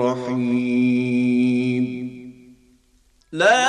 رحيم لا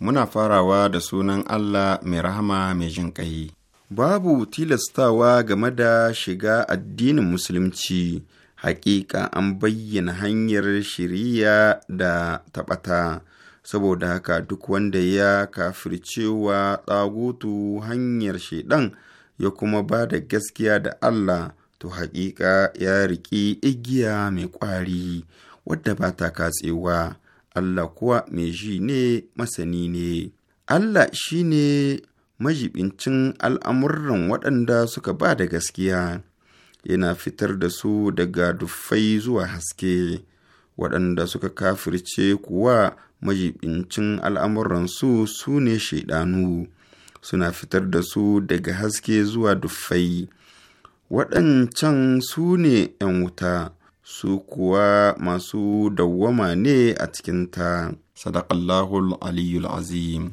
muna farawa da sunan Allah mai rahama mai jin Babu tilastawa game da shiga addinin Musulunci, hakika an bayyana hanyar shiriya da taɓata saboda haka duk wanda ya cewa tsagutu hanyar shaidan ya kuma ba da gaskiya da Allah to hakika ya riƙi igiya mai ƙwari wadda ba ta katsewa Allah kuwa mai ji ne masani ne Allah shi ne majibincin al'amuran waɗanda suka ba da gaskiya yana fitar da su daga duffai zuwa haske waɗanda suka kafirce kuwa majibincin al'amuransu su ne shaidanu suna fitar da su daga haske zuwa duffai waɗancan su ne ‘yan wuta su kuwa masu dawwama ne a cikinta sadaƙallahul Aliyu azim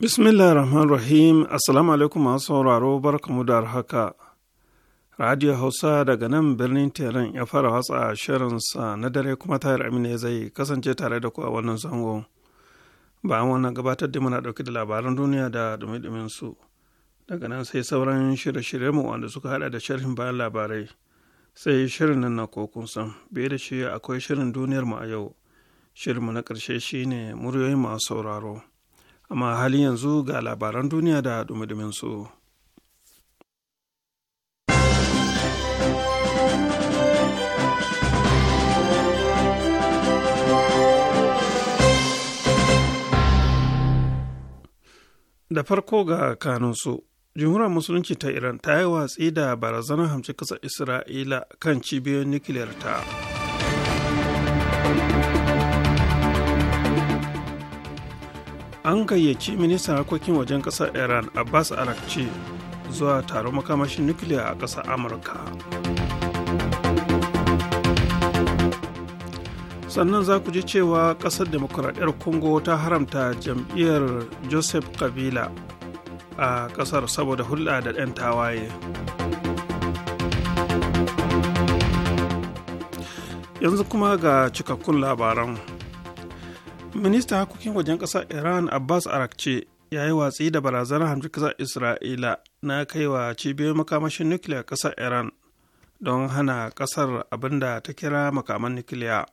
Bismillah rahman rahim Assalamu alaikum masu sauraro barkamu da haka. Radio Hausa daga nan birnin Teran ya fara watsa shirinsa na dare kuma tayar amina ya zai kasance tare da ku a wannan zango. Bayan wannan gabatar da muna ɗauke da labaran duniya da dumi su. Daga nan sai sauran shirye-shirye mu wanda suka hada da sharhin bayan labarai. Sai shirin nan na kokun san. Biye da shi akwai shirin duniyar mu a yau. Shirin mu na ƙarshe shine muryoyin masu sauraro. amma halin yanzu ga labaran duniya da dumudiminsu. su. da farko ga kanunsu jumhuriyar musulunci ta iran ta yi watsi da barazanar hamci kasar isra'ila kan cibiyoyin nukiliyar ta an gayyaci ministan harkokin wajen ƙasar iran abbas arakci zuwa taron makamashin nukiliya a ƙasar amurka sannan za ku ji cewa ƙasar demokuraɗiyar Kongo ta haramta jam'iyyar joseph kabila a ƙasar saboda hulɗa da ɗan tawaye yanzu kuma ga cikakkun labaran ministan harkokin wajen ƙasar iran abbas arakce ya yi watsi da barazanar hamshin ƙasar isra'ila na kaiwa cibiyar makamashin nukiliya ƙasar iran don hana ƙasar abin da ta kira makaman nukiliya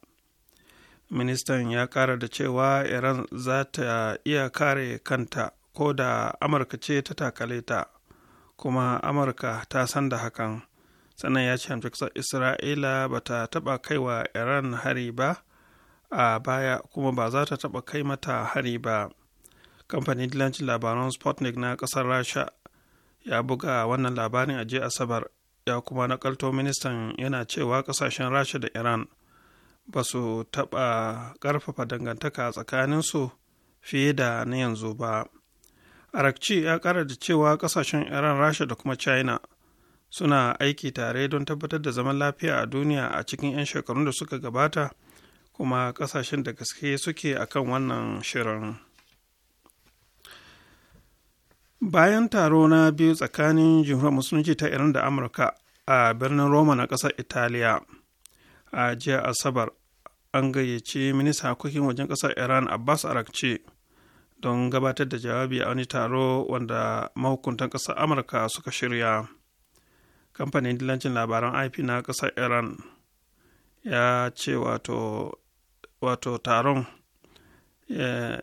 ministan ya ƙara da cewa iran za ta iya kare kanta ko da amurka ce ta takale ta kuma amurka ta san da hakan sannan ya ce hamshin ƙasar isra'ila ba ta taɓa kaiwa iran hari ba a baya kuma ba za ta taɓa kai mata hari ba kamfanin dilancin labaran sputnik na ƙasar rasha ya buga wannan labarin a jiya asabar ya kuma nakalto ministan yana cewa ƙasashen rasha da iran ba su taɓa ƙarfafa dangantaka tsakaninsu fiye da na yanzu ba arakci ya kara da cewa ƙasashen iran rasha da kuma china suna aiki tare don tabbatar da zaman lafiya a duniya a cikin 'yan shekarun da suka gabata kuma kasashen da gaske suke a kan wannan shirin bayan taro na biyu tsakanin jimhuriyar musulunci ta iran da amurka a birnin roma na ƙasar italiya a jiya asabar an gayyace minista harkokin wajen ƙasar iran abbas arakci don gabatar da jawabi a wani taro wanda mahukuntan kasar amurka suka shirya kamfanin dilancin labaran ip na ƙasar iran ya ce wato wato taron eh,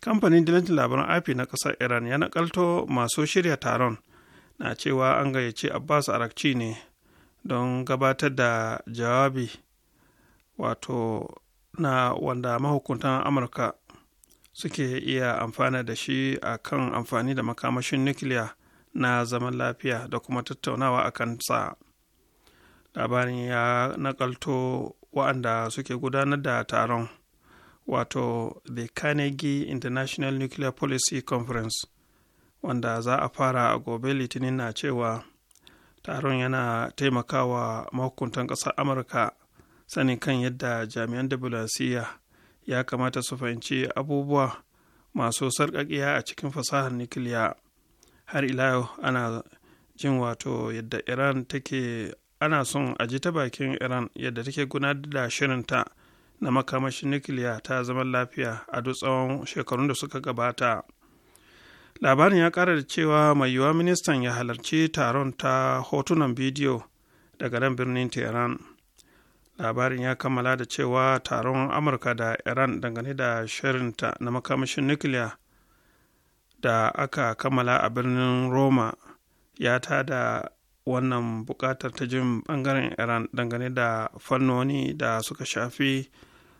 kamfanin dilancin labaran afi na ƙasar iran ya nakalto masu shirya taron na cewa an gayyace abbas arakci ne don gabatar da jawabi wato na wanda mahukuntan amurka suke iya amfana da shi a kan amfani da makamashin nukiliya na zaman lafiya da kuma tattaunawa a kansa labarin ya nakalto waɗanda suke gudanar da taron wato the carnegie international nuclear policy conference wanda za a fara a gobe litinin na cewa taron yana taimakawa mahukuntan ƙasar amurka sanin kan yadda jami'an diflomasiyya ya kamata su fahimci abubuwa masu sarƙaƙiya a cikin fasahar nukiliya har ila yau ana jin wato yadda iran take ana son a ji ta bakin iran yadda take gudanar da shirinta na makamashin nukiliya ta zaman lafiya a duk tsawon shekarun da suka gabata labarin ya kara da cewa mai yiwuwa ministan ya halarci taron ta hotunan bidiyo daga nan birnin tehran labarin ya kammala da cewa taron amurka da iran dangane da shirinta na makamashin nukiliya da aka kammala a birnin roma ya da. wannan buƙatar ta jin ɓangaren iran dangane da fannoni da suka shafi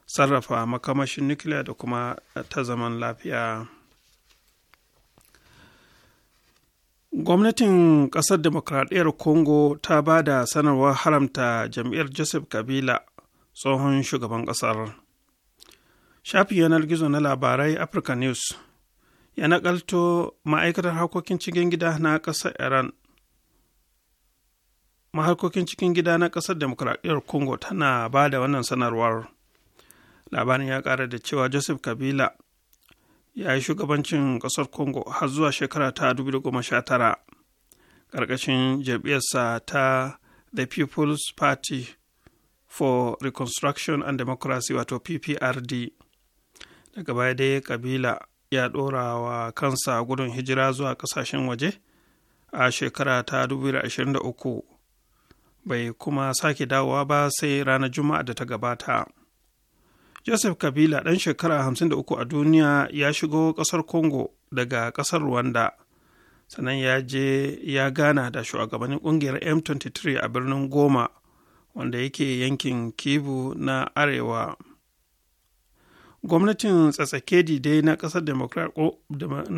sarrafa makamashin nukiliya da kuma ta zaman lafiya gwamnatin ƙasar demokradiyyar congo ta ba da sanarwar haramta jam'iyyar joseph kabila tsohon shugaban ƙasar shafin yanar gizo na labarai africa news ya nakalto ma'aikatar harkokin cikin gida na ƙasar iran maharkokin cikin gida na ƙasar Demokuraɗiyar congo tana ba da wannan sanarwar labarin ya ƙara da cewa joseph kabila ya yi shugabancin ƙasar congo har zuwa shekara ta 2019 ƙarƙashin jam'iyyarsa ta the people's party for reconstruction and democracy wato pprd daga baya dai kabila ya ɗora wa kansa gudun hijira zuwa ƙasashen waje a shekara ta 2023 bai kuma sake dawowa ba sai ranar juma'a da ta gabata joseph kabila ɗan shekara 53 a duniya ya shigo ƙasar congo daga ƙasar rwanda sannan ya je ya gana da shugabannin ƙungiyar m23 a birnin goma wanda yake yankin kivu na arewa gwamnatin tsatsakedi dai na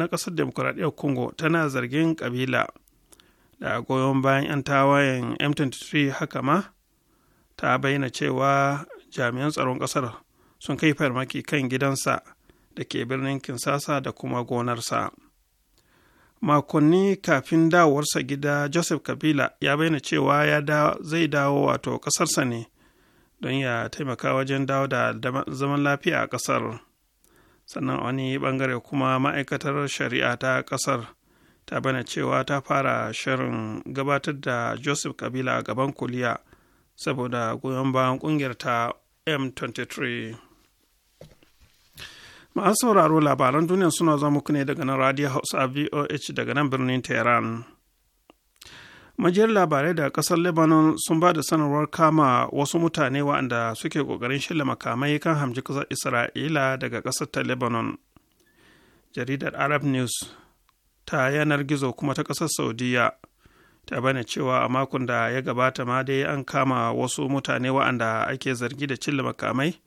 ƙasar demokuraɗiyyar congo tana zargin kabila da goyon bayan 'yan tawayen m23 haka ma ta bayyana cewa jami'an tsaron ƙasar sun kai farmaki kan gidansa da ke birnin kinsasa da kuma gonarsa makonni kafin dawowarsa gida joseph kabila ya bayyana cewa ya zai dawo wato ƙasarsa ne don ya taimaka wajen dawo da zaman lafiya a ƙasar sannan wani bangare kuma ma'aikatar shari'a ta ƙasar ta bana cewa ta fara shirin gabatar da joseph kabila a gaban kuliya saboda goyon bayan kungiyar ta m23 masu sauraro labaran duniya suna zama muku ne daga nan radio a voh daga nan birnin tehran majiyar labarai da kasar lebanon sun ba da sanarwar kama wasu mutane waɗanda suke ƙoƙarin shirya makamai kan hamji kasar isra'ila daga ƙasar ta lebanon jaridar arab news ta yanar gizo kuma ta ƙasar saudiya ta bane cewa a makon da ya gabata ma dai an kama wasu mutane wa'anda ake zargi da cilla makamai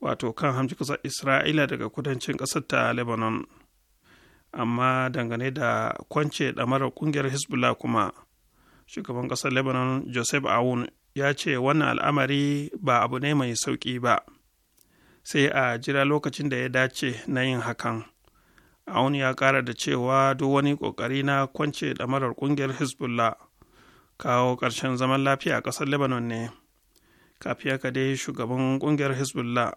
wato kan hamci ƙasar isra'ila daga kudancin ƙasar ta lebanon amma dangane da kwance da ɗamarar ƙungiyar hezbollah kuma shugaban ƙasar lebanon joseph awun ya ce wannan al'amari ba abu ne mai sauƙi ba sai a jira lokacin da ya dace na yin hakan aun ya kara da cewa duk wani kokari na kwance ɗamarar ƙungiyar hezbollah kawo ƙarshen zaman lafiya a ƙasar lebanon ne kafiya ka dai shugaban ƙungiyar hezbollah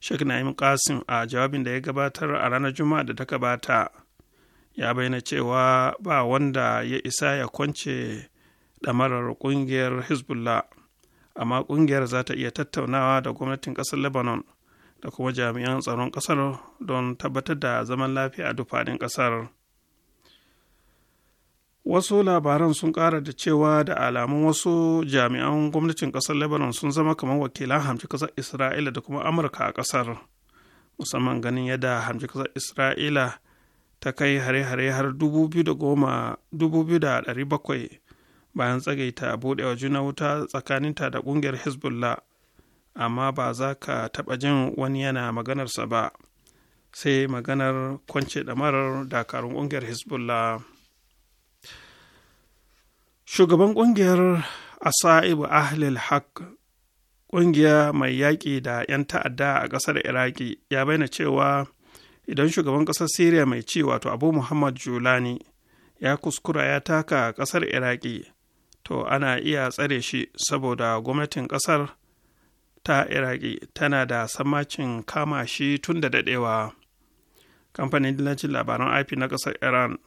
sheikh na'im qasim a jawabin da ya gabatar a ranar juma'a da ta gabata ya bayyana cewa ba wanda ya isa ya kwance marar ƙungiyar hezbollah amma ƙungiyar za ta iya tattaunawa da gwamnatin ƙasar lebanon da kuma jami'an tsaron ƙasar don tabbatar da zaman lafiya a duk kasar. ƙasar wasu labaran sun ƙara da cewa da alamun wasu jami'an gwamnatin ƙasar lebanon sun zama kamar wakilan hamci kasar isra'ila da kuma amurka a ƙasar musamman ganin yadda hamci kasar isra'ila ta kai hare-hare har 2,700 bayan tsagaita buɗewa juna wuta tsakaninta da ƙungiyar hezbollah amma ba za ka taɓa jin wani yana maganarsa ba sai maganar kwance ɗamarar dakarun ƙungiyar hezbollah shugaban ƙungiyar asa'ibu ahlil haq ƙungiya mai yaƙi da 'yan ta'adda a ƙasar iraki ya bayyana cewa idan shugaban ƙasar siriya mai ci wato abu muhammad julani ya kuskura ya taka ƙasar iraki to ana iya tsare shi saboda gwamnatin ƙasar ta iraki tana da samacin kama shi tun da dadewa kamfanin dillancin labaran ip na ƙasar iran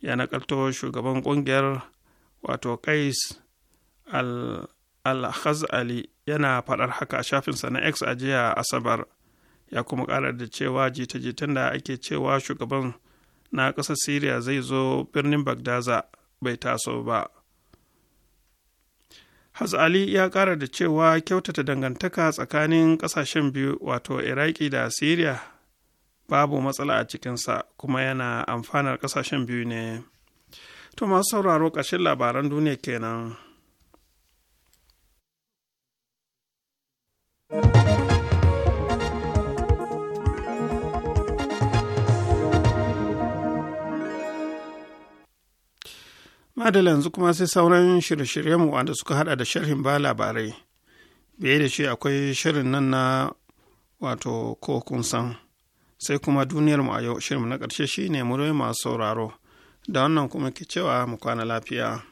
ya nakalto shugaban kungiyar wato kais al-khazali yana faɗar haka a shafinsa na x a jiya asabar ya kuma ƙara da cewa jita-jitan da ake cewa shugaban na ƙasar syria zai zo birnin bagdaza bai taso ba ali ya ƙara da cewa kyautata dangantaka tsakanin ƙasashen biyu wato iraki da syria babu matsala a cikinsa kuma yana amfanar ƙasashen biyu ne to masu sauraro ƙarshen labaran duniya kenan. madalla yanzu kuma sai sauran shirye-shiryenmu wanda suka hada da sharhin ba labarai biye da shi akwai shirin nan na wato ko kun san sai kuma duniyar mu a yau shirin na ƙarshe shine murai masu sauraro da wannan kuma ke cewa mu kwana lafiya.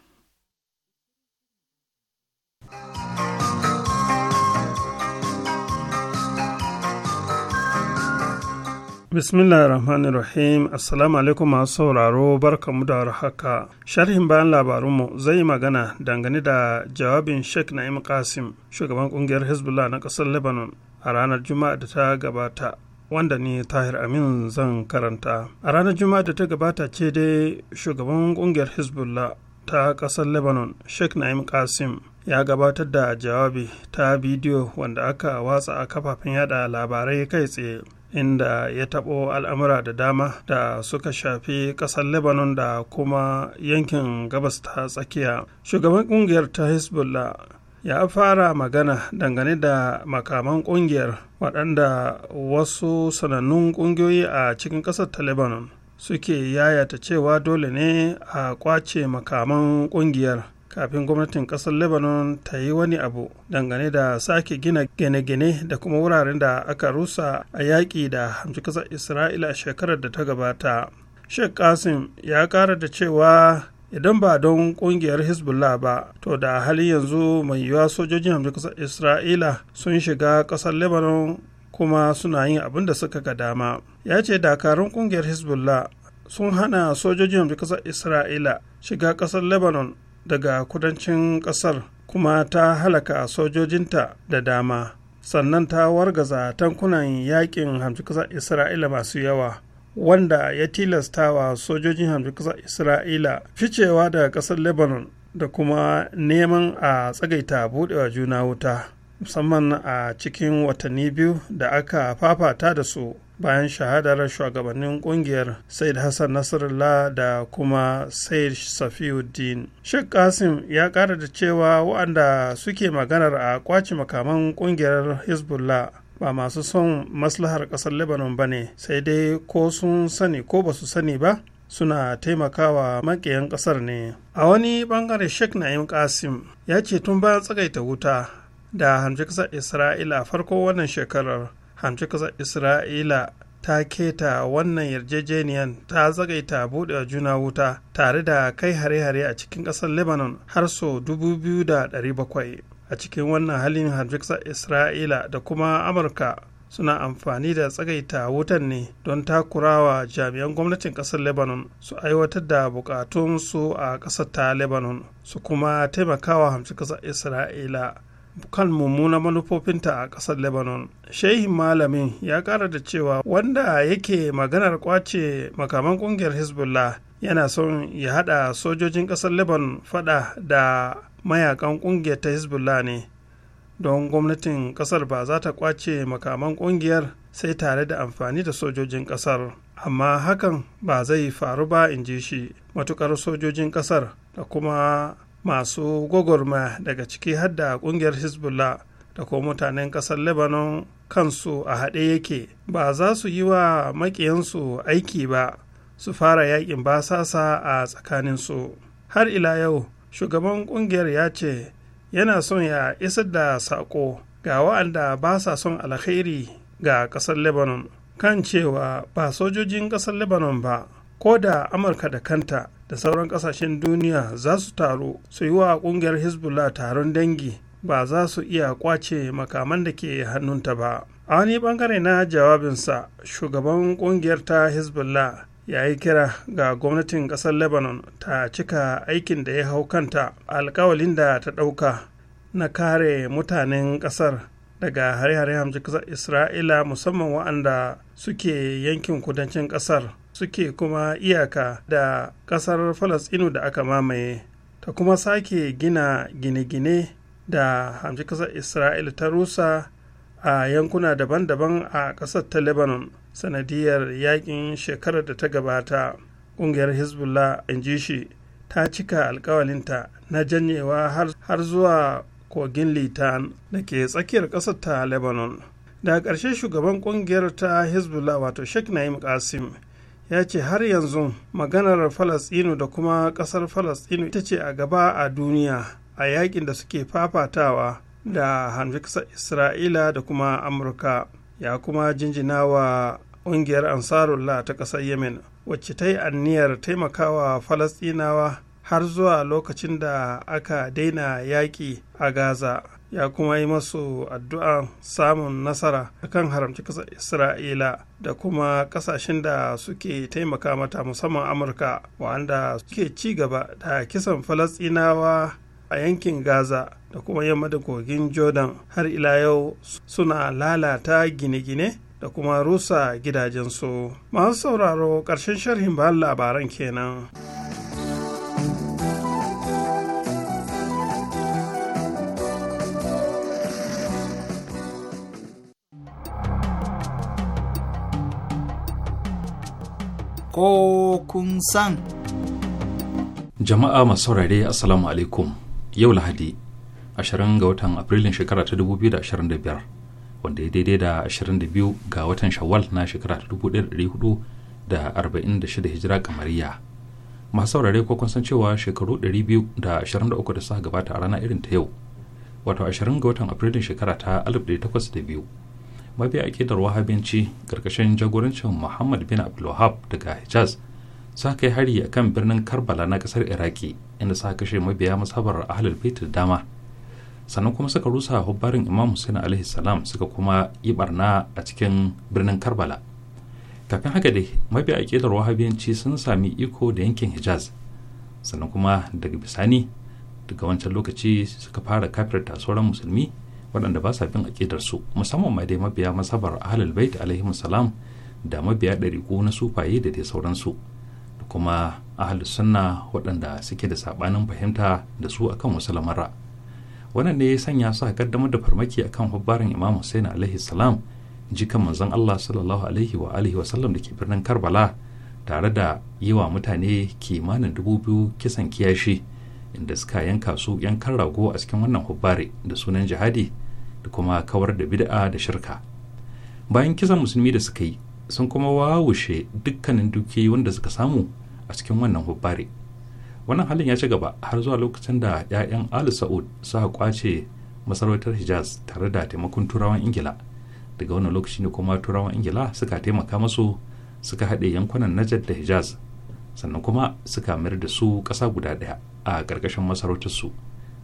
bismillah Rahmanir Rahim Assalamu alaikum masu sauraro barkamu da haka. Sharhin bayan labarunmu zai magana dangane da jawabin Sheikh Na'im Qasim, shugaban kungiyar Hezbollah na ƙasar Lebanon a ranar Juma'a da ta gabata. Wanda ni Tahir Amin zan karanta. A ranar Juma'a da ta gabata ce dai shugaban kungiyar Hezbollah ta ƙasar Lebanon, Sheikh Na'im Qasim ya gabatar da jawabi ta bidiyo wanda aka watsa a kafafen yada labarai kai tsaye. inda ya taɓo al'amura da dama da suka shafi ƙasar lebanon da kuma yankin gabas ta tsakiya shugaban ƙungiyar ta hezbollah ya fara magana dangane da makaman ƙungiyar waɗanda wasu sanannun ƙungiyoyi a cikin ƙasar ta lebanon suke yayata cewa dole ne a ƙwace makaman ƙungiyar kafin gwamnatin kasar lebanon ta yi wani abu dangane da sake gina gine-gine da kuma wuraren da aka rusa a yaƙi da hamci kasar isra'ila shekarar da ta gabata sheikh kasim ya ƙara da cewa idan ba don kungiyar hezbollah ba to da hali yanzu mai yiwuwa sojojin hamci kasar isra'ila sun shiga kasar lebanon kuma suna yin abin da suka ga dama ya ce dakarun kungiyar hezbollah sun hana sojojin hamci kasar isra'ila shiga kasar lebanon daga kudancin ƙasar kuma ta halaka sojojinta da dama sannan ta wargaza tankunan yakin hamsin isra'ila masu yawa wanda ya tilasta wa sojojin hamsin isra'ila ficewa daga ƙasar lebanon da kuma neman a tsagaita buɗewa juna wuta musamman a cikin watanni biyu da aka fafata da su bayan shahadar shugabannin kungiyar said hassan nasrullah da kuma said safiuddin sheikh kasim ya kara da cewa waɗanda suke maganar a kwaci makaman kungiyar hezbollah ba masu son maslahar ƙasar lebanon ba ne sai dai ko sun sani ko ba su sani ba suna taimakawa makiyan ƙasar ne a wani bangare sheikh na'im kasim ya ce tun bayan tsagaita wuta da hamji ƙasar isra'ila farko wannan shekarar hamci kasar isra'ila ta keta wannan yarjejeniyan ta zagaita buɗe juna wuta tare da kai hare-hare a cikin kasar lebanon har so 2,700 a cikin wannan halin hamci kasar isra'ila da kuma amurka suna amfani da tsagaita wutan ne don takurawa jami'an gwamnatin kasar lebanon su aiwatar da bukatunsu a kasar ta lebanon su kuma taimakawa hamsin kasar isra'ila kan mummunan manufofinta a ƙasar lebanon shehin malamin ya ƙara da cewa wanda yake maganar kwace makaman ƙungiyar hezbollah yana son ya haɗa sojojin ƙasar lebanon faɗa da mayakan ƙungiyar ta hezbollah ne don gwamnatin ƙasar ba za ta kwace makaman ƙungiyar sai tare da amfani da sojojin ƙasar amma hakan ba zai faru ba in ji shi matuƙar sojojin ƙasar da kuma masu gwagwarma daga ciki hadda kungiyar hezbollah da kuma mutanen kasar lebanon kansu a haɗe yake ba za su yi wa maƙiyansu aiki ba su fara yakin basasa a tsakaninsu har ila yau shugaban kungiyar ya ce yana son ya isar da saƙo ga wa'anda ba sa son alkhairi ga ƙasar lebanon kan cewa ba sojojin ƙasar lebanon ba ko da amurka da kanta da sauran kasashen duniya za su taru su yi wa kungiyar hezbollah taron dangi ba za su iya kwace makaman da ke hannunta ba a wani bangare na jawabinsa shugaban kungiyar ta hezbollah ya yi kira ga gwamnatin kasar lebanon ta cika aikin da ya hau kanta alkawalin da ta ɗauka na kare mutanen kasar daga hare-hare hamji isra'ila musamman waɗanda suke yankin kudancin kasar suke kuma iyaka da ƙasar falasɗinu da aka mamaye ta kuma sake gina gine-gine da hamshi ƙasar isra'il ta rusa a yankuna daban-daban a ƙasar ta lebanon sanadiyar yakin shekarar da ta gabata ƙungiyar hezbollah in ji shi ta cika alkawalinta na janyewa har zuwa kogin litan da ke tsakiyar ƙasar ta lebanon da ƙarshe shugaban ƙungiyar ta hezbollah wato sheikh na'im qasim ya ce har yanzu maganar falasɗinu da kuma ƙasar falasɗinu ita ce a gaba a duniya a yakin da suke fafatawa da hanfiksa isra'ila da kuma amurka ya kuma jinjina wa ƙungiyar ansarullah ta ƙasar yemen wacce ta yi anniyar taimakawa falasɗinawa har zuwa lokacin da aka daina yaƙi a gaza ya kuma yi masu addu'a samun nasara a kan haramci ƙasar isra'ila da kuma ƙasashen da suke taimaka mata musamman amurka wanda suke ci gaba da kisan falasɗinawa a yankin gaza da kuma yamma da kogin jordan har ila yau suna lalata gine-gine da kuma rusa gidajensu masu sauraro ƙarshen sharhin bayan labaran kenan. ko kun san. Jama'a masu saurare Assalamu alaikum yau Lahadi 20 ga watan Afrilun shekara ta 2025 wanda ya daidai da 22 ga watan Shawwal na shekara ta 1446 hijira kamariya. Masu saurare ko kun san cewa shekaru 223 da suka gabata a rana irin ta yau wato 20 ga watan Afrilun shekara ta 1802 mafi akidar wahabinci karkashin jagorancin muhammad bin abdulwahab daga hijaz sa kai hari a kan birnin karbala na ƙasar iraki inda sa kashe mabiya masabar ahlul bait dama sannan kuma suka rusa hubbarin imam hussein alaihi salam suka kuma yi barna a cikin birnin karbala kafin haka dai mabiya akidar wahabiyanci sun sami iko da yankin hijaz sannan kuma daga bisani daga wancan lokaci suka fara kafirta sauran musulmi waɗanda ba sa bin aƙidar su musamman ma dai mabiya masabar ahlul bait alaihi salam da mabiya ɗariku na sufaye da dai sauransu da kuma ahlus sunna waɗanda suke da saɓanin fahimta da su akan wasu lamarra. wannan ne ya sanya su a kaddamar da farmaki akan hubbarin imam hussein alaihi salam jikan manzon allah sallallahu alaihi wa alihi wasallam da ke birnin karbala tare da yi wa mutane kimanin dubu biyu kisan kiyashi inda suka yanka su yankan rago a cikin wannan hubbare da sunan jihadi da kuma kawar da bid'a da shirka bayan kisan musulmi da suka yi sun kuma wawushe dukkanin dukiyoyi wanda suka samu a cikin wannan hubbare wannan halin ya ci gaba har zuwa lokacin da 'ya'yan ali sa'ud suka kwace masarautar hijaz tare da taimakon turawan ingila daga wannan lokaci ne kuma turawan ingila suka taimaka masu suka haɗe yankunan najar da hijaz sannan kuma suka mayar da su ƙasa guda ɗaya a ƙarƙashin su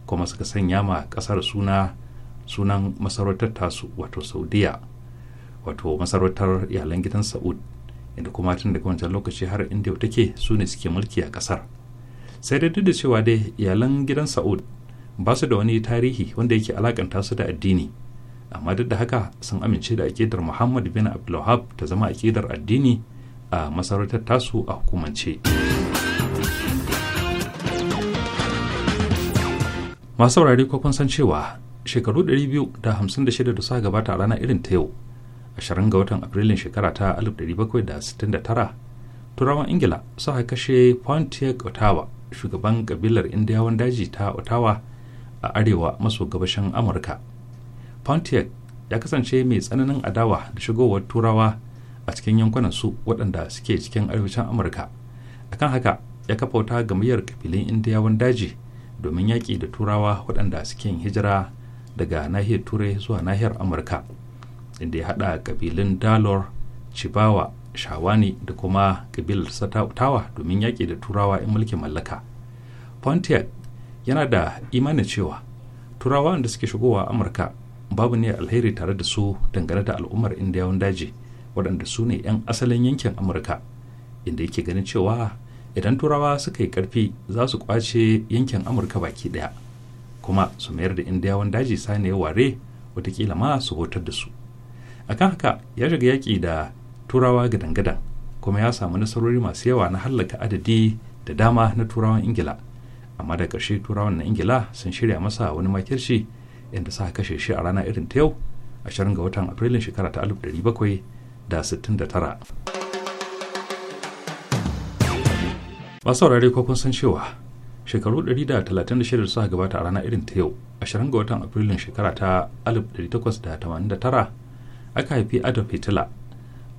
kuma suka sanya ma ƙasar suna sunan masarautar tasu wato saudiya wato masarautar iyalan gidan sa'ud inda kuma tun daga wancan lokaci har inda yau take su ne suke mulki a kasar sai dai duk da cewa dai iyalan gidan sa'ud ba su da wani tarihi wanda yake alakanta su da addini amma duk da haka sun amince da akidar muhammad bin abdulwahab ta zama akidar addini a masarautar tasu a hukumance masu saurari ko kun san cewa shekaru 256 da suka gabata a rana irin ta yau 20 ga watan afrilun shekara ta 1769 turawan ingila suka kashe pontiac ottawa shugaban kabilar indiyawan daji ta ottawa a arewa maso gabashin amurka pontiac ya kasance mai tsananin adawa da shigowar turawa a cikin yankunan su waɗanda suke cikin arewacin amurka akan haka ya kafa wata gamayyar kabilin indiyawan daji domin yaƙi da turawa waɗanda suke hijira daga nahiyar turai zuwa nahiyar amurka inda ya haɗa kabilun dalor cibawa shawani da kuma kabilar satawa domin yaƙi da turawa in mulkin mallaka pontiac yana da imanin cewa turawa da suke shigowa amurka babu ne alheri tare da su dangane da al'ummar indiyawan daji waɗanda su ne 'yan asalin yankin amurka inda yake ganin cewa idan turawa suka yi ƙarfi za su kwace yankin amurka baki ɗaya kuma su mayar da indiyawan daji ya ware watakila ma su hotar da su a kan haka ya shiga yaƙi da turawa gadan-gadan kuma ya samu nasarori masu yawa na hallaka adadi da dama na turawan ingila amma da ƙarshe turawan na ingila sun shirya masa wani makirci inda sa kashe shi a rana irin ta yau ashirin ga watan afrilun shekara ta alif dari bakwai da da sittin tara. masu saurare ko san cewa shekaru 136 suka gabata a rana irin ta yau 20 ga watan afrilun shekara ta 1889 aka haifi adolf hitler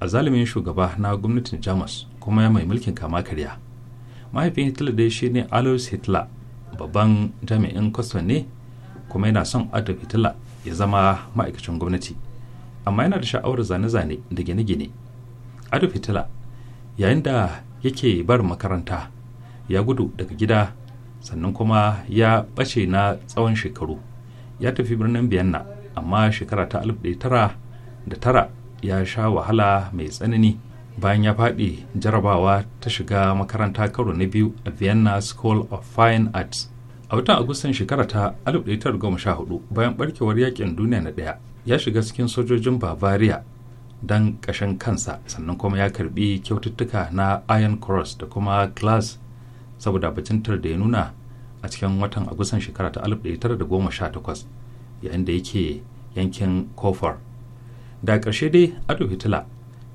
a zalimin shugaba na gwamnatin jamus kuma ya mai mulkin kama karya mahaifin hitler dai shi ne alois hitler babban jami'in kwaston ne kuma yana son adolf hitler ya zama ma'aikacin gwamnati amma yana da sha'awar zane-zane da gine-gine adolf hitler yayin da yake bar makaranta ya gudu daga gida sannan kuma ya ɓace na tsawon shekaru ya tafi birnin vienna amma shekara ta da tara ya sha wahala mai tsanani bayan ya faɗi jarabawa ta shiga makaranta karo na biyu a vienna school of fine arts a watan agustan shekara ta 1914 bayan barkewar yakin duniya na ɗaya ya shiga cikin sojojin bavaria don ƙashin kansa sannan kuma ya karbi kyaututtuka na iron cross da kuma glass saboda bajintar da ya nuna a cikin watan agusan shekara ta 1918 yayin da yake yankin kofar da ƙarshe dai adolf hitler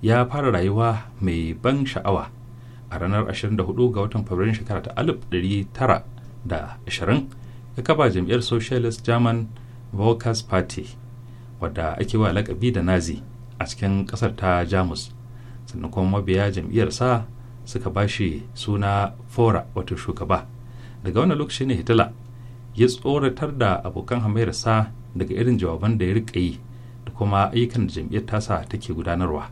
ya fara rayuwa mai ban sha'awa a ranar 24 ga watan fabrairun shekara ta 1920 ya kafa jam'iyyar socialist german volkers party wadda ake wa lakabi da nazi a cikin ƙasar ta jamus sannan kuma mabiya jam'iyyarsa suka ba shi suna fora wato shugaba daga wannan lokaci ne hitila ya tsoratar da abokan hamayarsa daga irin jawaban da ya rika yi da kuma ayyukan da jam'iyyar tasa take gudanarwa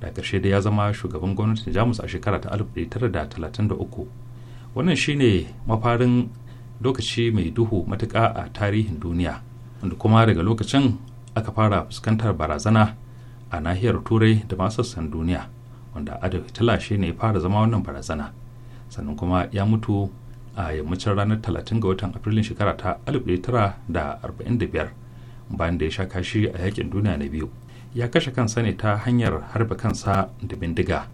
da ƙarshe da ya zama shugaban gwamnatin jamus a shekara ta uku wannan shine mafarin lokaci mai duhu matuƙa a tarihin duniya da kuma daga lokacin aka fara fuskantar barazana a nahiyar turai da masassan duniya wanda adolf hitler shi ne ya fara zama wannan barazana sannan kuma ya mutu a yammacin ranar 30 ga watan afrilun shekara ta 1945 bayan da ya sha kashi a yakin duniya na biyu ya kashe kansa ne ta hanyar harba kansa da bindiga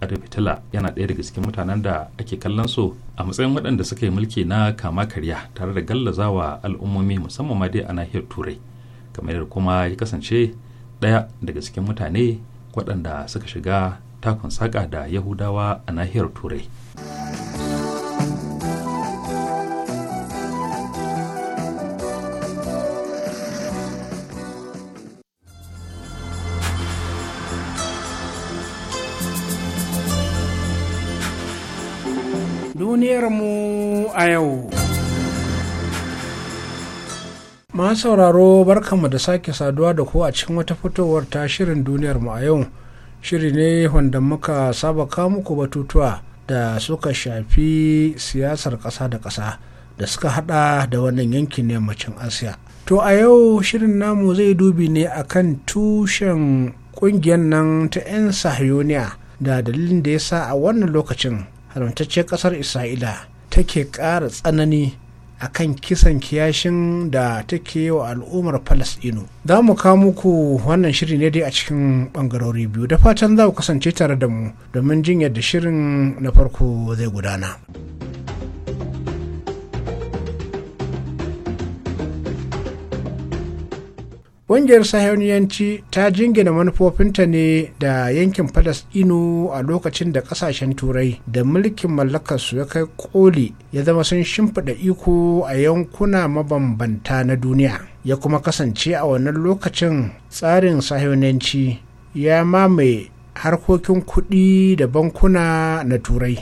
adolf hitler yana ɗaya daga cikin mutanen da ake kallon su a matsayin waɗanda suka yi mulki na kama karya tare da gallazawa al'ummomi musamman ma dai a nahiyar turai kamar kuma ya kasance ɗaya daga cikin mutane waɗanda suka shiga takon saka da yahudawa a nahiyar turai duniyarmu a yau. Masu sauraro barkanmu da sake saduwa da ku a cikin wata fitowar ta shirin duniyarmu a yau shiri ne wanda muka saba kamu muku batutuwa da suka shafi siyasar ƙasa da ƙasa da suka hada da wannan yankin ne asiya to a yau shirin namu zai dubi ne a kan tushen kungiyar nan ta 'yan sahiyoniya da dalilin da ya sa a wannan lokacin haramtacce kasar isra'ila take ƙara tsanani a kan kisan kiyashin da take wa al'ummar Falasɗinu. Za mu kawo muku wannan shiri ne dai a cikin ɓangarori biyu da fatan za ku kasance tare da mu domin jin yadda shirin na farko zai gudana. ƙungiyar sahiyoniyanci ta jingina manufofinta ne da yankin Fadlad-inu a lokacin da ƙasashen turai da mulkin mallakarsu ya kai ƙoli ya zama sun shimfiɗa iko a yankuna mabambanta na duniya ya kuma kasance a wannan lokacin tsarin sahiyoniyanci ya mamaye harkokin kuɗi da bankuna na turai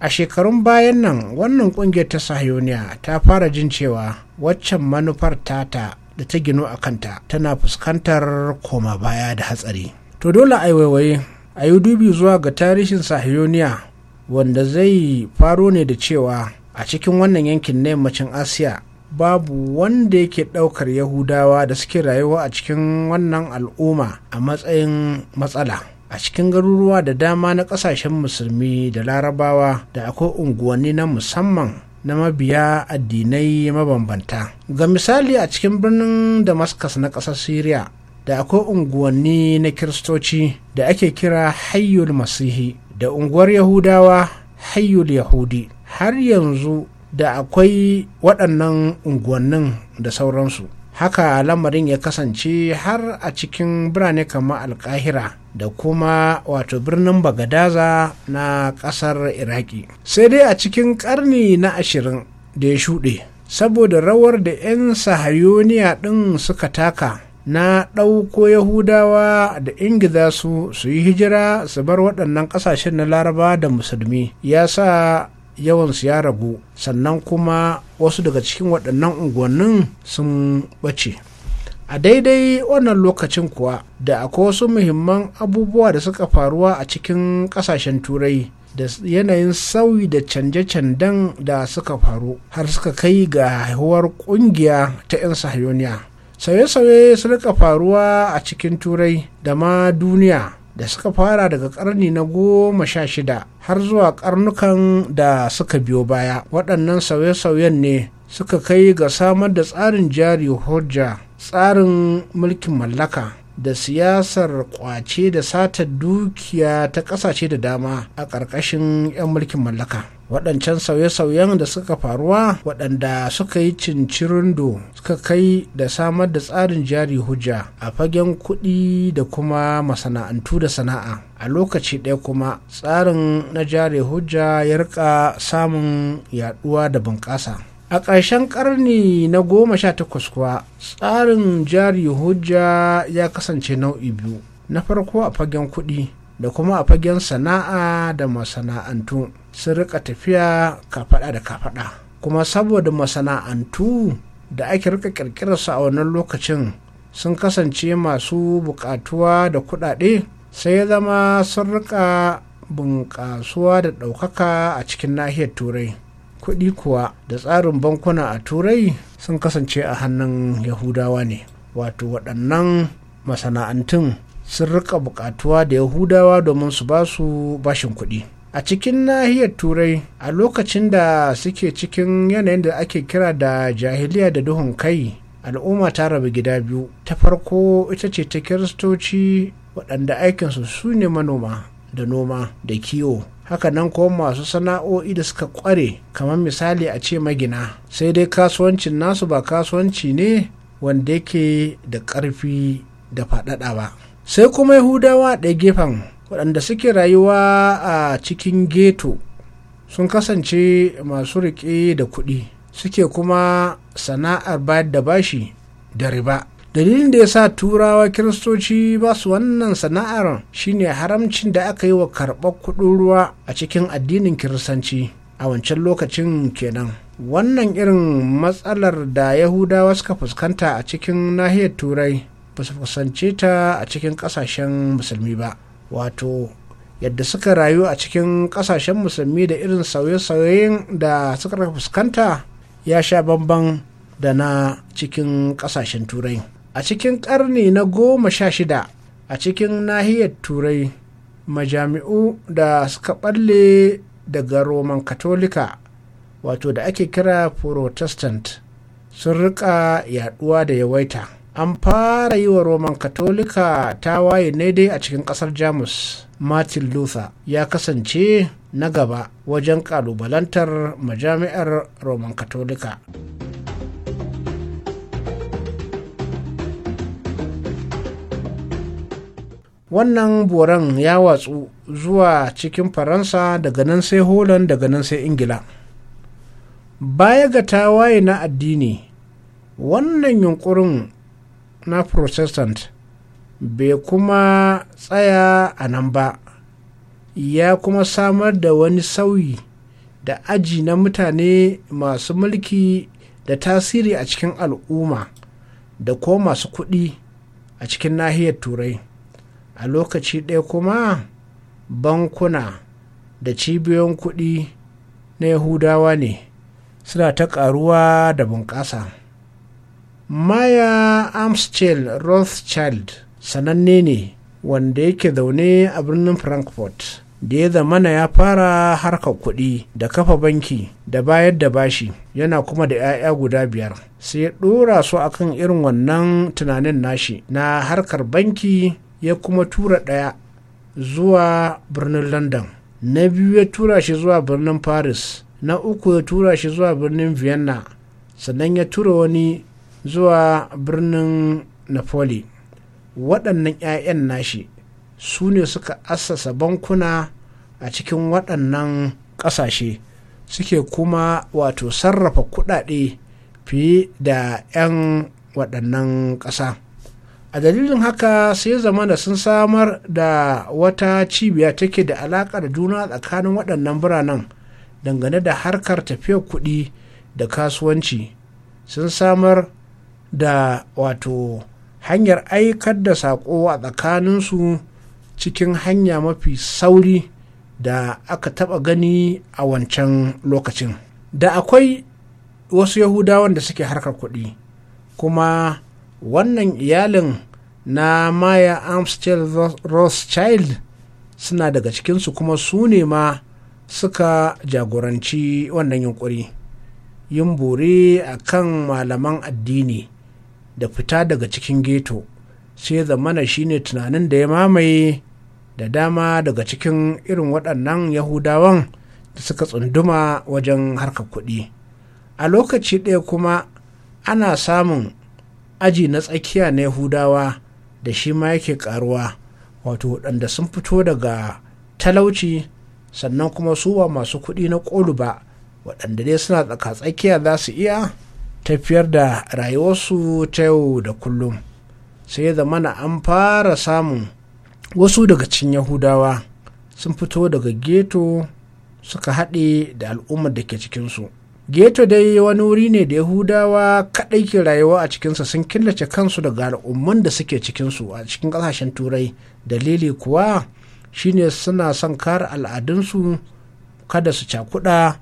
a shekarun bayan nan wannan ƙungiyar ta sahiyoniya ta fara jin cewa waccan manufar tata da ta gino a kanta tana fuskantar koma baya da hatsari to dole a waiwaye a yi dubi zuwa ga tarihin sahiyoniya wanda zai faro ne da cewa a cikin wannan yankin na yammacin asiya babu wanda yake ɗaukar yahudawa da suke rayuwa a cikin wannan al'umma a matsayin matsala a cikin garuruwa da dama na kasashen musulmi da larabawa da akwai unguwanni na musamman na mabiya addinai mabambanta ga misali a cikin birnin damascus na ƙasar syria da akwai unguwanni na kiristoci da ake kira hayyul masihi da unguwar yahudawa hayyul yahudi har yanzu da akwai waɗannan unguwannin da sauransu haka lamarin ya kasance har a cikin birane kama alkahira da kuma wato birnin bagadaza na kasar iraki sai dai a cikin karni na ashirin da ya shuɗe saboda rawar da 'yan sahayoniya ɗin suka taka na ɗauko yahudawa da ingiza su su yi hijira su bar waɗannan ƙasashen na laraba da musulmi ya sa yawan su ya rabu sannan kuma wasu daga cikin waɗannan unguwannin sun ɓace a daidai wannan lokacin kuwa da akwai wasu muhimman abubuwa da suka faruwa a cikin ƙasashen turai da yanayin sauyi da canje-canjen da suka faru har suka kai ga haihuwar ƙungiya ta 'yan sahiyoniya sauye-sauye su rika faruwa a cikin turai da ma duniya da suka fara daga karni na goma sha shida har zuwa karnukan da suka biyo baya waɗannan sauye-sauyen ne suka kai ga samar da tsarin jari hujja tsarin mulkin mallaka da siyasar kwace da satar dukiya ta ƙasashe da dama a ƙarƙashin 'yan mulkin mallaka waɗancan sauye-sauyen da suka faruwa waɗanda suka yi cincirindo suka kai da samar da tsarin jari hujja a fagen kuɗi da kuma masana'antu da sana'a a lokaci ɗaya kuma tsarin na jari hujja ya rika samun yaɗuwa da bunƙasa a ƙarshen ƙarni na goma sha takwas kuwa tsarin jari hujja ya kasance nau'i biyu na farko a fagen kuɗi da kuma a fagen sana'a da masana'antu sun rika tafiya kafaɗa da kafaɗa kuma saboda masana'antu da ake rika kirkirarsa a wannan lokacin sun kasance masu bukatuwa da kuɗaɗe sai ya zama sun rika bunƙasuwa da ɗaukaka a cikin nahiyar turai kuɗi kuwa da tsarin bankuna a turai sun kasance a hannun yahudawa ne wato waɗannan masana'antun sun rika bukatuwa da yahudawa domin su ba su bashin kuɗi a cikin nahiyar turai a lokacin da suke cikin yanayin da ake kira da jahiliya da duhun kai al'umma ta rabu gida biyu ta farko ita ce ta kiristoci waɗanda aikinsu su ne manoma da noma da kiwo Haka nan, kuma masu sana'o'i da suka ƙware kamar misali a ce magina sai dai kasuwancin nasu ba kasuwanci ne wanda yake da ƙarfi da faɗaɗa ba sai kuma yahudawa ɗaya gefen waɗanda suke rayuwa a cikin geto sun kasance masu riƙe da kuɗi suke kuma sana'ar bayar da bashi da riba dalilin da ya sa turawa kiristoci ba su wannan sana'ar shine haramcin da aka yi wa karɓar kuɗin ruwa a cikin addinin kiristanci a wancan lokacin kenan wannan irin matsalar da yahudawa suka fuskanta a cikin nahiyar turai ba su kusance ta a cikin kasashen musulmi ba wato yadda suka rayu a cikin kasashen musulmi da irin sauye-sauyen da suka fuskanta ya sha bamban da na cikin kasashen turai a cikin karni na goma sha shida a cikin nahiyar turai majami'u da suka balle daga roman katolika wato da ake kira protestant sun rika yaduwa da yawaita an fara yi wa roman katolika tawaye ne dai a cikin kasar jamus martin luther ya kasance na gaba wajen kalubalantar majami'ar roman katolika wannan boran ya watsu zuwa cikin faransa daga nan sai holland daga nan sai ingila baya ga tawaye na addini wannan yunkurin na protestant bai kuma tsaya a nan ba ya kuma samar da wani sauyi da aji na mutane masu mulki da tasiri a cikin al'umma da ko masu kuɗi a cikin nahiyar turai a lokaci ɗaya kuma bankuna da cibiyoyin kuɗi na yahudawa ne suna ta ƙaruwa da bunƙasa maya amstel rothschild sananne ne wanda yake zaune a birnin frankfurt da ya zamana ya fara harkar kuɗi da kafa banki da bayar da bashi yana kuma da 'ya'ya guda biyar sai ya ɗora su kan irin wannan tunanin nashi na harkar banki ya kuma tura ɗaya zuwa birnin london na biyu ya tura shi zuwa birnin paris na uku ya tura shi zuwa birnin vienna sannan ya tura wani zuwa birnin napoli waɗannan 'ya'yan nashi su ne suka assasa bankuna a cikin waɗannan ƙasashe suke kuma wato sarrafa kuɗaɗe fiye da 'yan waɗannan ƙasa a dalilin haka sai zama da sun samar da wata cibiya take da alaƙa da juna tsakanin waɗannan biranen dangane da harkar tafiyar kuɗi da kasuwanci sun samar da wato hanyar aikar da saƙo a tsakaninsu cikin hanya mafi sauri da aka taɓa gani a wancan lokacin da akwai wasu yahudawan da suke harkar kuɗi kuma wannan iyalin na maya amstel rothschild suna daga cikinsu kuma su ne ma suka jagoranci wannan yunkuri yin bore a kan malaman addini da fita daga cikin geto sai zamana shine tunanin da ya mamaye da dama daga cikin irin waɗannan yahudawan da suka tsunduma wajen harkar kuɗi a lokaci ɗaya kuma ana samun aji na tsakiya na yahudawa da shi ma yake karuwa wato waɗanda sun fito daga talauci sannan kuma su ba masu kuɗi na ƙolu ba waɗanda dai suna tsaka tsakiya za su iya tafiyar da rayuwarsu ta yau da kullum sai ya zamana an fara samun wasu daga cikin yahudawa sun fito daga geto suka haɗe da al'ummar da ke cikinsu geto dai wani wuri ne da yahudawa kaɗai ke rayuwa a cikinsa sun killace kansu daga al'umman da suke cikinsu a cikin ƙasashen turai dalili kuwa shine suna son kare al'adunsu kada su cakuɗa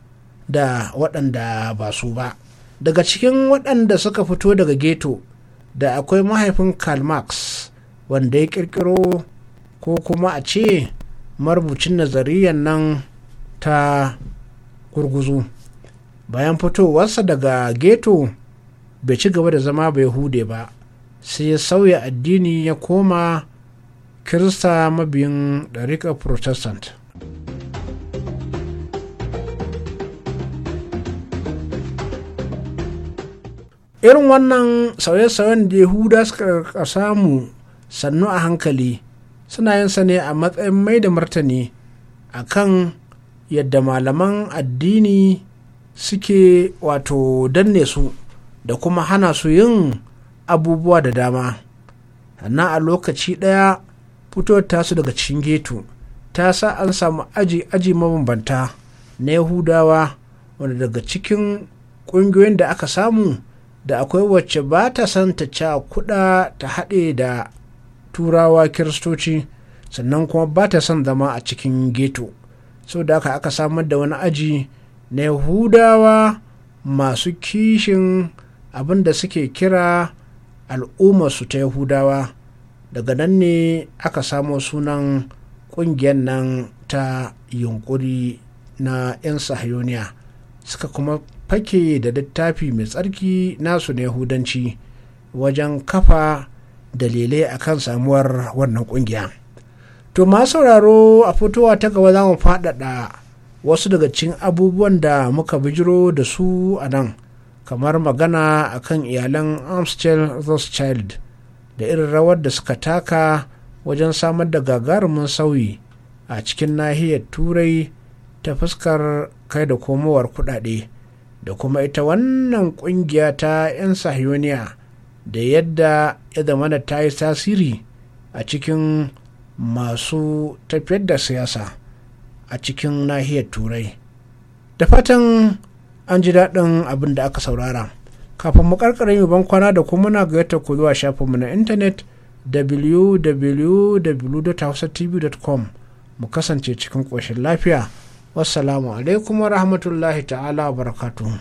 da waɗanda ba su ba daga cikin waɗanda suka fito daga ghetto da akwai mahaifin karl marx wanda ya ƙirƙiro ko kuma a ce marubucin nazariyar nan ta gurguzu bayan fitowarsa daga ghetto bai ci gaba da zama bai hude ba sai ya sauya addini ya koma kirista mabiyin ɗariƙar protestant irin wannan sauye-sauyen da yahuda suka samu sannu a hankali suna yin sa ne a matsayin mai da martani a kan yadda malaman addini suke wato danne su da kuma hana su yin abubuwa da dama sannan a lokaci ɗaya fito tasu daga cikin ghetto ta sa an samu aji-aji mabambanta na yahudawa wanda daga cikin ƙungiyoyin da aka samu da akwai wacce ba ta son ta ci kuɗa ta haɗe da turawa kiristoci sannan kuma ba ta son zama a cikin geto sau da aka samar da wani aji na yahudawa masu kishin abin da suke kira su ta yahudawa daga nan ne aka samo sunan ƙungiyar nan ta yunkuri na 'yan sahayoniya suka kuma fake da littafi mai tsarki nasu na yahudanci wajen kafa dalilai kan samuwar wannan kungiya to ma sauraro a fitowa ta gaba za mu faɗaɗa wasu daga cikin abubuwan da muka bijiro da su a nan kamar magana a kan iyalan amstel rothschild da irin rawar da suka taka wajen samar da gagarumin sauyi a cikin nahiyar turai ta fuskar kai da komowar kudade. da kuma ita wannan kungiya ta 'yan sahiyoniya da yadda ya zamana ta yi tasiri a cikin masu tafiyar da siyasa a cikin nahiyar turai da fatan an ji daɗin abin da aka saurara kafin mu karkare mu ban kwana da kuma na gayyata ku zuwa shafinmu na intanet www.hausatv.com mu kasance cikin ƙoshin lafiya wassalamu alaikum wa rahmatullahi ta'ala wa barakatuhu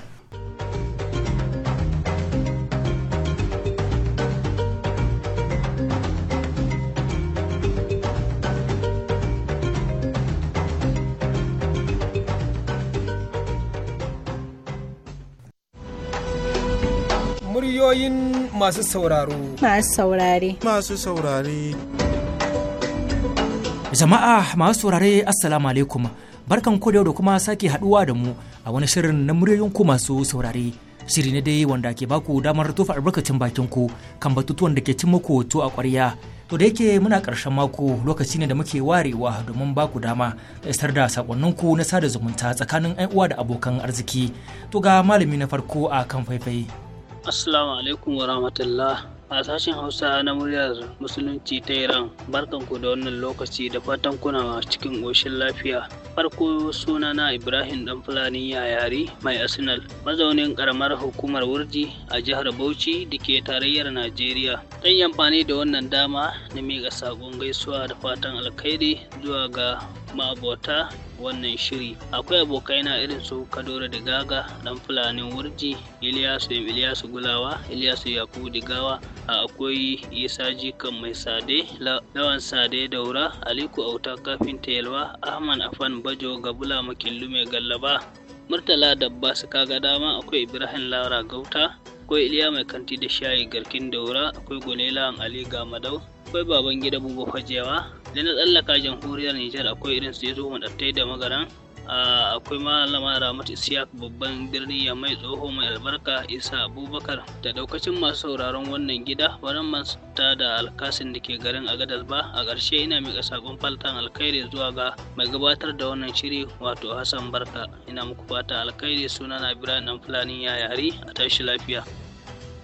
muryoyin masu sauraro. Masu saurare. Masu saurare. Jama'a masu saurare Assalamu alaikum. Barkan ku da kuma sake haduwa da mu a wani shirin na muryoyin ku masu saurare. Shiri ne dai wanda ke baku damar tofa albarkacin bakin ku kan batutuwan da ke cin muku to a ƙwarya. To da yake muna ƙarshen mako lokaci ne da muke warewa domin baku dama da isar da ku na sada zumunta tsakanin ƴan uwa da abokan arziki. To ga malami na farko a kan faifai. Assalamu alaikum wa a sashen hausa na muryar musulunci ta iran barkan ku da wannan lokaci da fatan kuna cikin ƙoshin lafiya farko suna na ibrahim dan fulani yayari mai arsenal mazaunin karamar hukumar wurji a jihar bauchi da ke tarayyar najeriya zan yi amfani da wannan dama na miƙa saƙon gaisuwa da fatan alkhairi zuwa ga mabota wannan shiri akwai abokai na irin su kadoro da gaga dan fulanin wurji iliyasu iliyasu gulawa iliyasu yakubu digawa a akwai isa jikan mai sade lawan sade daura aliku auta kafin yalwa ahman afan bajo gabula makillu mai gallaba murtala dabba su kaga dama akwai ibrahim lara gauta akwai iliya mai kanti da shayi garkin daura akwai gulela ali gamadau akwai baban gida buba fajewa da na tsallaka jamhuriyar nijar akwai irin su yazo madattai da magaran akwai malama ramatu isiyak babban birni ya mai tsoho mai albarka isa abubakar da daukacin masu sauraron wannan gida baran masta da alkasin da ke garin agadas ba a ƙarshe ina miƙa saƙon faltan alkhairi zuwa ga mai gabatar da wannan shiri wato hassan barka ina muku fata alkhairi suna na biranen fulani ya yari a tashi lafiya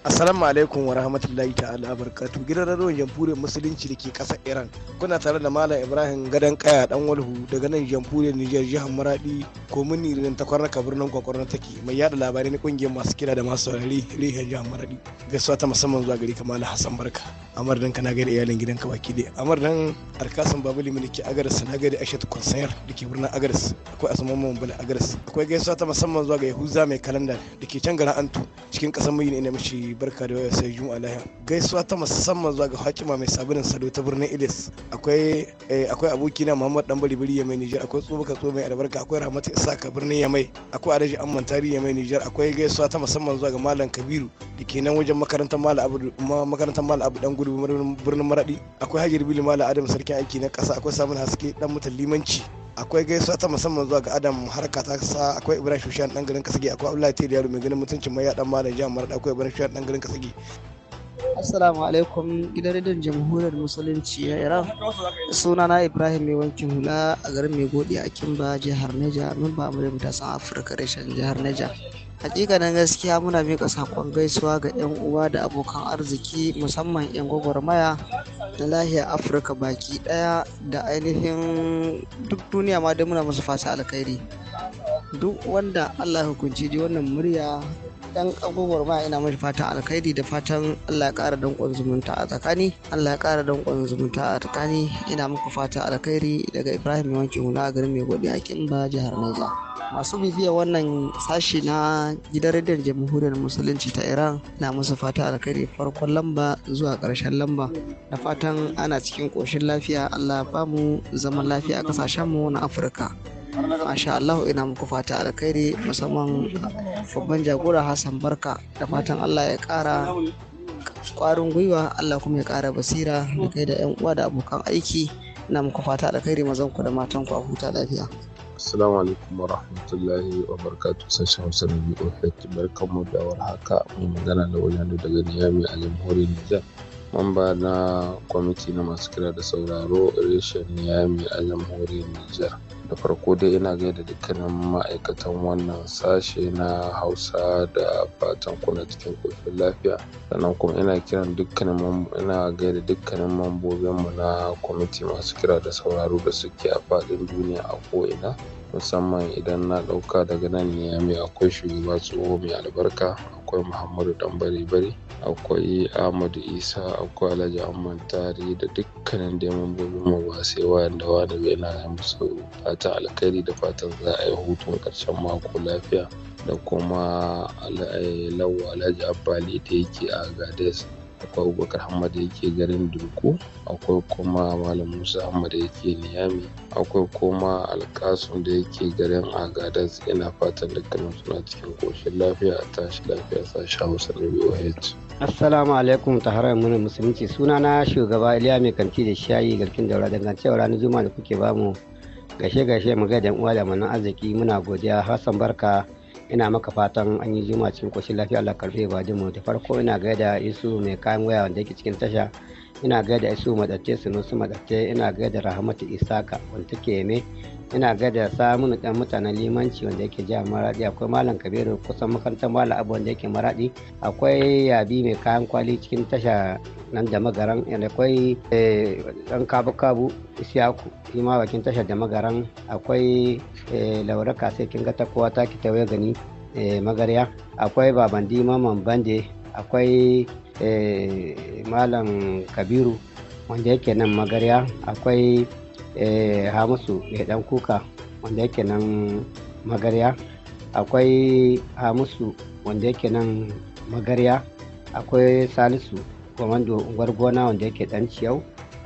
Assalamu alaikum wa rahmatullahi ta'ala barkatu gidan radio jamhuriyar musulunci da ke ƙasar Iran. Kuna tare da Malam Ibrahim Gadan Kaya dan Walhu daga nan jamhuriyar Nijar jihar Maradi ko mun rin ta takwarar birnin kwakwarna take mai yada labarai na kungiyar masu kira da masu saurari rihe jihar Maradi. Gaisuwa ta musamman zuwa gari kamar Hassan Barka. Amar dan kana gaida iyalin gidan ka baki dai. Amar dan Arkasun Babuli mun ke Agaris na gaida Aishat Konsayar da ke birnin Agaris. Akwai Asuman Mambala Agaris. Akwai gaisuwa ta musamman zuwa ga Yahuza mai kalanda da ke can garin Antu cikin ƙasar Mayi ne mishi barka da sai juma'a lahiya gaisuwa ta musamman zuwa ga hakima mai sabulin sado ta birnin ilis akwai eh, akwai abokina muhammad dan balibiri ya mai nijar akwai ka tso mai albarka akwai rahmatu ka birnin yamai akwai adaji amman tari ya mai nijar akwai gaisuwa ta musamman zuwa ga malam kabiru da ke nan wajen makarantar malam abu makarantar malam abu dan gudu birnin maradi akwai hajjar bili malam adam sarkin aiki na kasa akwai samun haske dan mutan limanci akwai gaisuwa ta musamman zuwa ga adam harka ta kasa akwai ibrahim shushan dan garin kasige akwai abdullahi yaro mai ganin mutuncin mai dan malam jihar mara akwai ibrahim shushan dan garin kasige Assalamu alaikum gidan rediyon jamhuriyar musulunci na Iran. Sunana Ibrahim mai wankin hula a garin mai godi a Kimba jihar Neja, mun ba mu da mutasan Afirka reshen jihar Neja. hakikanin gaskiya muna mika sakon gaisuwa ga 'yan uwa da abokan arziki musamman 'yan gwagwarmaya na lahiyar afirka baki ɗaya da ainihin duk duniya ma dai muna musu fasa alkhairi duk wanda allah hukunci ji wannan murya dan abubuwar ma ina mai fata alkhairi da fatan Allah ya kara dankon zumunta a tsakani Allah ya kara dankon zumunta a tsakani ina muku fata alkhairi daga Ibrahim wanke Huna a garin Mai Godi a Kimba jihar Niger masu bibiya wannan sashi na gidan rediyon jamhuriyar musulunci ta iran na musu fata alkhairi farkon lamba zuwa karshen lamba da fatan ana cikin koshin lafiya allah ba mu zaman lafiya a ƙasashenmu na afirka masha Allah ina muku fata alkhairi musamman babban jagora Hassan Barka da fatan Allah ya ƙara kwarin gwiwa Allah kuma ya kara basira da kai da 'yan uwa da abokan aiki ina muku fata alkhairi mazan ku da matan ku a huta lafiya. Assalamu alaikum wa rahmatullahi wa barakatuh sashen Hausa na BOH mu da warhaka mu magana da Orlando daga Niyami a jamhuriyar Nijar. Mamba na kwamiti na masu kira da sauraro reshen Niyami a jamhuriyar Nijar. da farko dai ina gaida dukkanin ma'aikatan wannan sashe na hausa da fatan kuna cikin kofin lafiya sannan kuma ina kiran dukkanin ina gaida dukkanin mambobinmu na kwamiti masu kira da sauraro da suke a faɗin duniya a ko'ina musamman idan na ɗauka daga nan mai akwai shugaba tsoho mai albarka akwai muhammadu dan bari akwai ahmadu isa akwai alhaji ahmad tari da dukkanin da mambobin mu ba sai wanda wanda bai na musu fatan alkhairi da fatan za a yi hutun karshen mako lafiya da kuma eh, lawa alhaji abbali da yake a gades akwai abubakar hamad da yake garin durko akwai kuma malam musa hamad da yake niyami akwai kuma alkasun da yake garin agadas ina fatan dukkanin suna cikin koshin lafiya a tashi lafiya sashi hausa na boh assalamu alaikum taharar muna musulunci sunana shugaba iliya mai kanti da shayi garkin daura dangancewa ranar juma'a da kuke bamu gashe gashe mu ga uwa da manan arziki muna godiya hassan barka ina maka fatan an yi juma cikin koshin lafiya Allah karfe ba jimu da farko ina gaida isu mai kayan waya wanda yake cikin tasha ina gaida isu madatte sunusu madatte ina gaida rahmatu isaka wanda take ne ina gaida samun dan mutanen limanci wanda yake jihar maradi akwai malam kabiru kusan makarantar malam abu wanda yake maradi akwai yabi mai kayan kwali cikin tasha nan da magaran akwai eh, dan kabu kabu isiyaku shi ma bakin tasha da magaran akwai eh, laura kase kin ga kowa ta ki tawaye gani eh, magarya akwai baban dima bande akwai Eh, malam kabiru wanda yake nan magarya akwai eh, hamisu mai dan kuka wanda yake nan magarya akwai hamisu wanda yake nan magarya akwai salisu gwamando unguwar gona wanda yake dan ciyau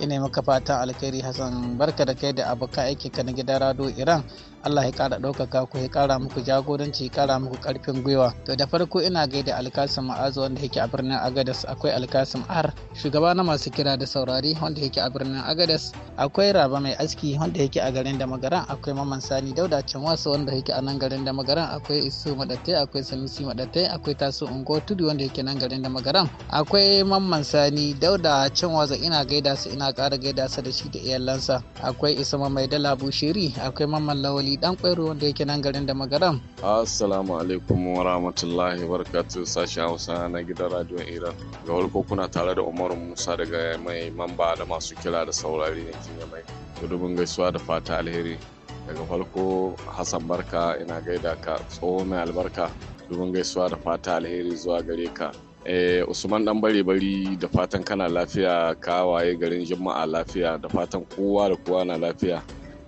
ina maka fatan alkhairi hassan barka da kai da abokan aiki ka na gidan rado iran Allah ya kara ɗaukaka ku ya kara muku jagoranci ya kara muku karfin gwiwa to da farko ina gaida alkasim ma'azu wanda yake a birnin agadas akwai alkasim ar shugaba na masu kira da saurari wanda yake a birnin agadas akwai raba mai aski wanda yake a garin da magaran akwai maman sani dauda wasu wanda yake a nan garin da magaran akwai isu madatai akwai sanusi madatai akwai tasu ungo tudu wanda yake nan garin da magaran akwai maman sani dauda canwaza ina gaida su ina kara gaida su da shi da iyalansa akwai Isu mai dala bushiri akwai maman lawali Ali Dan Kwairo wanda yake nan garin da magaram. Assalamu alaikum wa rahmatullahi wa barakatuh sashen Hausa na gidan Radio Iran. Ga wani kuna tare da Umaru Musa daga mai mamba da masu kira da saurari yankin mai. Gudubin gaisuwa da fata alheri. Daga farko Hassan Barka ina gaida ka tsoho mai albarka. Gudubin gaisuwa da fata alheri zuwa gare ka. Eh, usman dan bari bari da fatan kana lafiya ka waye garin juma'a lafiya da fatan kowa da kowa na lafiya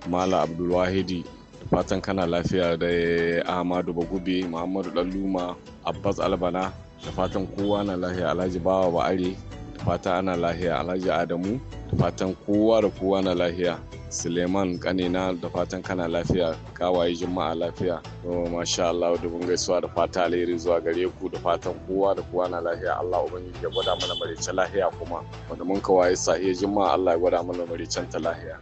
mala abdulwahidi fatan kana lafiya da ahmadu bagube muhammadu ɗanluma abbas albana da fatan kowa na lahiya alhaji bawa Ba'ari. da fatan ana lahiya alhaji adamu da fatan kowa da kowa na lahiya suleiman kanina da fatan kana lafiya kawaye juma'a lafiya to masha Allah dubun gaisuwa da fata alheri zuwa gare ku da fatan kowa da kowa na lafiya Allah ubangiji ya gwada mana maricin lafiya kuma wanda mun kawaye sahiya juma'a Allah ya gwada mana maricin ta lafiya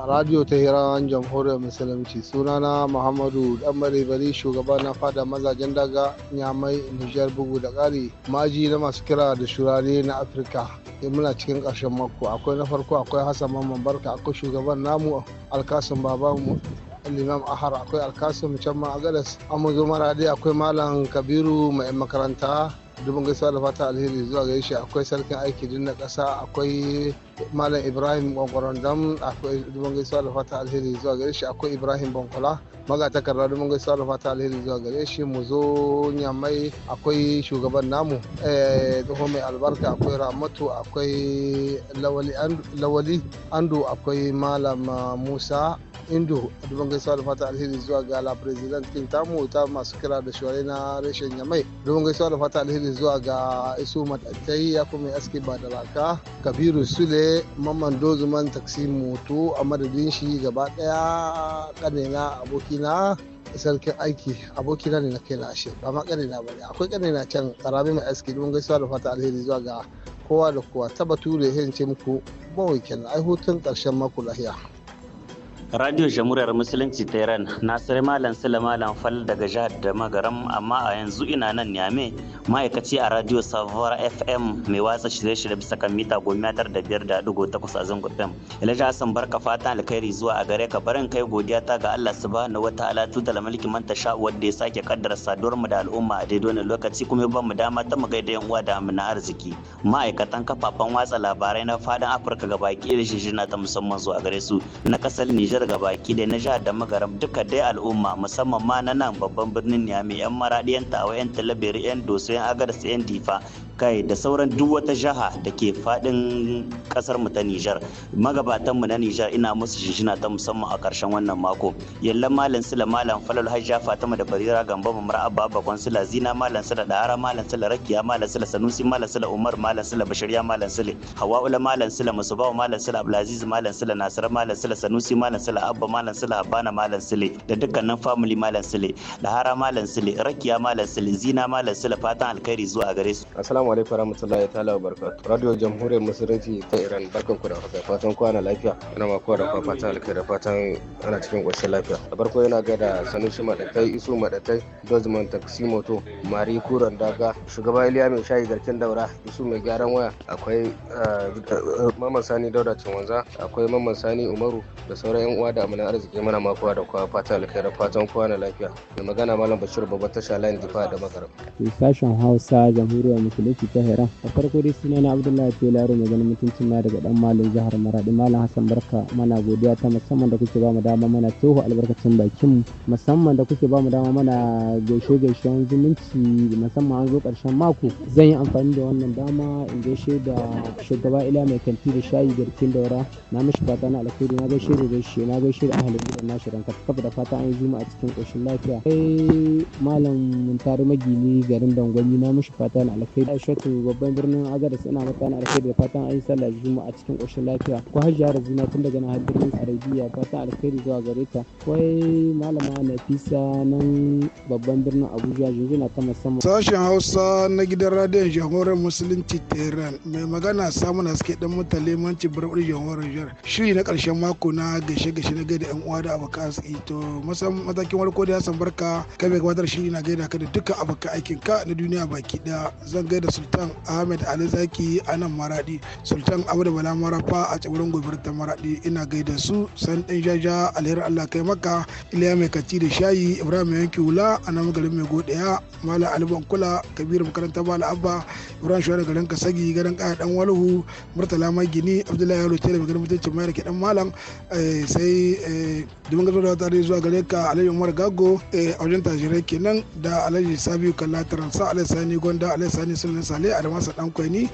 A radio ta hiran jamhuriyar musulunci sunana muhammadu dan bari shugaba na fada mazajen daga nyamai nijar bugu da ƙari maji na masu kira da shurare na afirka eh, muna cikin ƙarshen mako akwai na farko akwai hassan mamman barka akwai shugaban namu alkasun babanmu limam ahar akwai alkasun can ma agadas an zo maradi akwai malam kabiru mai makaranta dubin gaisuwa da fata alheri zuwa gare shi akwai sarkin aiki din na kasa akwai malam ibrahim gwangwaron dam akwai dubin gaisuwa da fata alheri zuwa gare shi akwai ibrahim bankola takarda dubin gaisuwa da fata alheri zuwa gare shi mu zo nyamai akwai shugaban namu eh, tsoho mai albarka akwai ramatu akwai lawali andu akwai malam musa indo dubban gaisuwa da fata alheri zuwa ga la president king tamu ta masu kira da shawarai na reshen yamai dubban gaisuwa da fata alheri zuwa ga isu matattai ya kuma aski ba da raka kabiru sule mamman dozuman taksi moto a madadin shi gaba daya kanina abokina sarkin aiki abokina ne na kai na ashe ba ma kanina ba ne akwai na can karami mai aski dubban gaisuwa da fata alheri zuwa ga kowa da kowa tabbatu da ya muku ba weekend ai hutun karshen mako lahiya Radio Jamhuriyar Musulunci Tehran Nasir Malam Sule Malam Fal daga jihar Damagaram amma a yanzu ina nan Niamey ma'aikaci a Radio Savar FM mai watsa shirye-shirye bisa kan mita goma tar da biyar da dugo takwas a zango FM. Ilaja Hassan barka fatan alkhairi zuwa a gare ka barin kai godiya ta ga Allah su subhanahu wa ta'ala tutal mulki manta sha wanda ya sake kaddara saduwar mu da al'umma a daidai wannan lokaci kuma ba mu dama ta mu gaida yan uwa da mu na arziki. Ma'aikatan kafafen watsa labarai na fadan Afirka gabaki da shishina ta musamman zuwa gare su na kasar Nijar Nijar ga baki da na jihar da magaram duka dai al'umma musamman ma na nan babban birnin Niamey yan maradi yan tawa yan talabiri yan doso yan agarsa yan difa kai da sauran duk wata jaha da ke fadin kasar mu ta Nijar magabatan mu na Nijar ina musu shinshina ta musamman a karshen wannan mako yalla malam sula malam falal hajja fatima da barira gamba mamar abba bakon sula zina malam sula dahara malam sula rakiya malam sula sanusi malam sula umar malam sula bashariya malam sula hawa'ula malam sula musuba malam sula abdulaziz malam sula nasir malam sula sanusi malam sula abba malam sula habana malam sula da dukkanin family malam sula dahara malam sula rakiya malam sula zina malam sula fatan alkhairi zuwa gare su assalamu Assalamu alaikum warahmatullahi ta'ala barakatuh Radio Jamhuriyar Musulunci ta Iran barkan ku da haka fatan ana lafiya. ana ma kowa da fata alkai da fatan ana cikin ƙoshin lafiya. Da farko yana ga da Sanusi Madatai, Isu Madatai, Dozman moto Mari Kuran Daga, Shugaba Iliya Mai Shayi Garkin Daura, Isu Mai Gyaran Waya, akwai eh, Mamman Sani Dauda Cinwanza, akwai Mamman Sani Umaru da sauran 'yan uwa da amina arziki mana ma kowa da kowa fata alkai da fatan ana lafiya. Mai magana Malam Bashir Babban Tasha Layin jifa da Magaram. Sashen Hausa Jamhuriyar Musulunci musulunci ta Iran. a farko dai suna na Abdullahi Felaro mai ganin mutuncin na daga dan Malam Zahar Maradi Malam Hassan Barka mana godiya ta musamman da kuke ba mu dama mana toho albarkacin bakin musamman da kuke ba mu dama mana gaishe gaishen zumunci musamman an zo karshen mako zan yi amfani da wannan dama in gaishe da shugaba ila mai kanti da shayi garkin daura na mishi fata na alkhairi na gaishe da gaishe na gaishe da ahalin gidan nashi ranka kafa da fata an yi a cikin koshin lafiya kai malam muntari magini garin dangwani na mishi fata na alkhairi Aishatu babban birnin Agadez ina maka na alkhairi da fatan an yi sallah juma'a a cikin ƙoshin lafiya ko har jihar Zina tun daga nan har birnin Arabiya fatan alkhairi zuwa gare ta kwai malama Nafisa nan babban birnin Abuja jinjina ta musamman sashen Hausa na gidan radiyon jamhuriyar musulunci Tehran mai magana samu na suke dan mutale manci burbur jamhuriyar jihar shiri na ƙarshen mako na gashe gashe na gaida yan uwa da abokan arziki to musamman matakin warko da ya san barka kai mai gabatar shiri na gaida ka da dukkan abokan aikin ka na duniya baki daya zan gaida sultan ahmed ali zaki a nan maradi sultan abu da bala marafa a tsibirin gobir ta maradi ina gaida su san ɗan jaja alherin allah kai maka iliya mai kaci da shayi ibrahim yanki wula a nan garin mai godiya mala aliban kula kabiru makaranta bala abba ibrahim shawara garin kasagi garin kaya dan walhu murtala mai gini abdullahi yaro tele mai garin mutuncin mayar ke dan malam eh, sai eh, domin gazo da tare zuwa gare ka Alayyu umar gago eh, a wajen tajirai kenan da alhaji sabiu kalla sa Alayyu sani gonda Alayyu sani sun Sani Sale Adamasa Dankwaini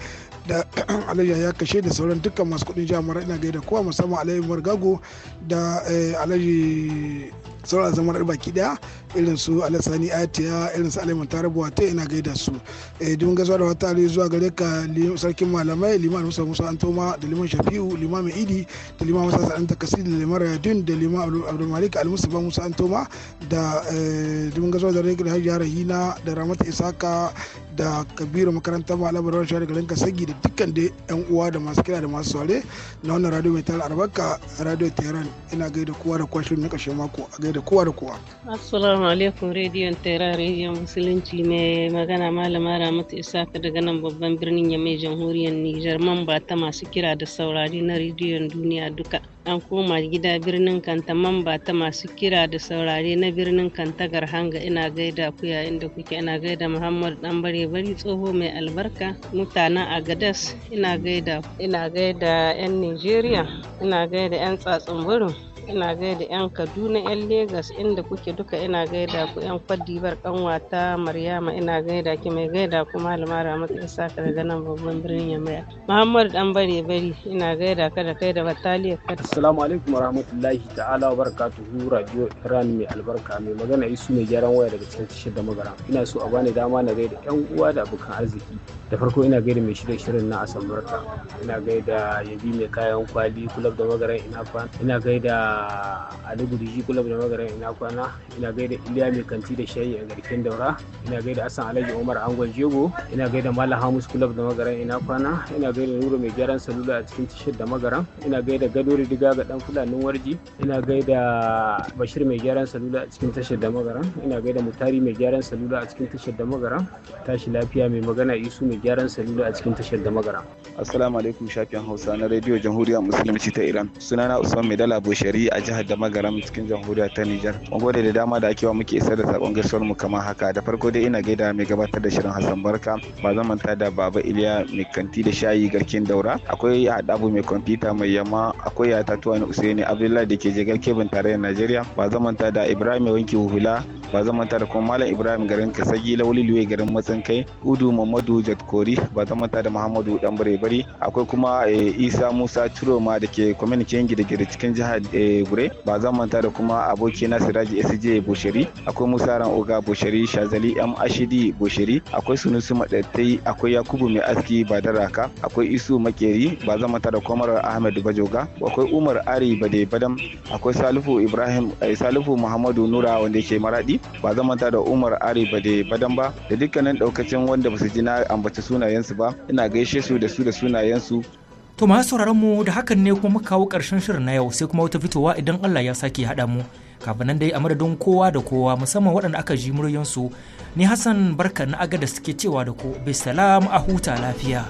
da Alayya ya kashe da sauran dukkan masu kudin jihar Mara ina gaida kowa musamman alayyar Margago da eh, alayyar sauran zaman baki daya irin su alasani atiya irin su aliman tarabuwa ta ina gaida su eh, don gaisuwa da wata aliyu zuwa gare ka sarkin malamai liman musa musa antoma da liman shafi'u liman mai idi da liman musa sa'an kasi da liman rayadun da liman abdulmalik almusufa musa antoma da eh, don gaisuwa da rege da hajiya rahina da ramata isaka da kabiru makaranta malabar rawar shari'a garin kasagi da dukkan da yan uwa da masu kira da masu saurare na wannan radio mai tara arbaka radio tehran ina gaida kowa da kwashin na kashe mako a gaida kowa da kowa assalamu Assalamu alaikum rediyon tera rediyon musulunci mai magana malama Ramatu isa daga nan babban birnin Yamai jamhuriyar Nijar ba ta masu kira da saurari na rediyon duniya duka. An koma gida birnin Kanta man ba ta masu kira da saurari na birnin Kanta hanga. ina gaida ku yayin da kuke ina gaida Muhammad dan bare bari tsoho mai albarka mutanen Agadas ina gaida ina gaida yan Nijeriya ina gaida yan tsatsun burin ina gaida 'yan kaduna 'yan Legas inda kuke duka ina gaida ku 'yan kwadibar kanwata maryama ina gaida ki mai gaida ku malama ramat isa daga nan babban birnin yamaya muhammadu dan bare bari ina gaida ka da kai da bataliya ka assalamu alaikum warahmatullahi ta'ala wabarakatuhu radio iran mai albarka mai magana isu mai gyaran waya daga cikin tashar da magara ina so a bani dama na gaida 'yan uwa da abokan arziki da farko ina gaida mai shirye shirin na asambarka ina gaida yabi mai kayan kwali kulab da magaran ina gaida Ali Gurji kulob da Magaran ina kwana ina gaida Iliya mai kanti da shayi a garkin daura ina gaida Asan Alhaji Umar Angon Jego ina gaida Malam Hamus kulob da Magaran ina kwana ina gaida Nuru mai gyaran salula a cikin tishir da Magaran ina gaida Gado diga ga dan Fulanin Warji ina gaida Bashir mai gyaran salula a cikin tashar da Magaran ina gaida Mutari mai gyaran salula a cikin tashar da Magaran tashi lafiya mai magana Isu mai gyaran salula a cikin tashar da Magaran Assalamu alaikum shafin Hausa na Radio Jamhuriyar Musulunci ta Iran sunana Usman Medala Boshari a jihar Damagaram cikin jamhuriyar ta Nijar. Mun gode da dama da ake wa muke isar da sakon gaisuwar mu kamar haka. Da farko dai ina gaida mai gabatar da shirin Hassan Barka, ba zan manta da Baba Iliya mai kanti da shayi garkin daura. Akwai Adabu mai kwamfuta mai yamma, akwai tatuwa na Usaini Abdullahi da ke jigar kebin tarayyar Najeriya. Ba zan manta da Ibrahim wanki huhula ba zan ta da kuma malam ibrahim garin kasagi lauli luwe garin matsin kai udu mamadu jatkori ba zan ta da muhammadu dan bare akwai kuma eh, isa musa turoma da ke kwamitin gida-gida cikin jihar eh, gure ba zan ta da kuma aboki na siraji sj bushiri akwai musa ran oga bushiri shazali m ashidi bushiri akwai sunusu madattai akwai yakubu mai aski badaraka akwai isu makeri ba zan ta da Komar ahmed bajoga akwai umar ari bade badam akwai salifu ibrahim eh, salifu muhammadu nura wanda yake maradi ba zama ta da Umar Ari da Badan ba da dukkanin daukacin wanda ba su ji na ambaci sunayensu ba ina gaishe su da su da sunayensu To masu sauraron mu da hakan ne kuma muka kawo karshen shirin na yau sai kuma wata fitowa idan Allah ya sake haɗa mu. Kafin nan dai a madadin kowa da kowa musamman waɗanda aka ji muryansu ni Hassan Barka na agada suke cewa da ku bisalam a huta lafiya.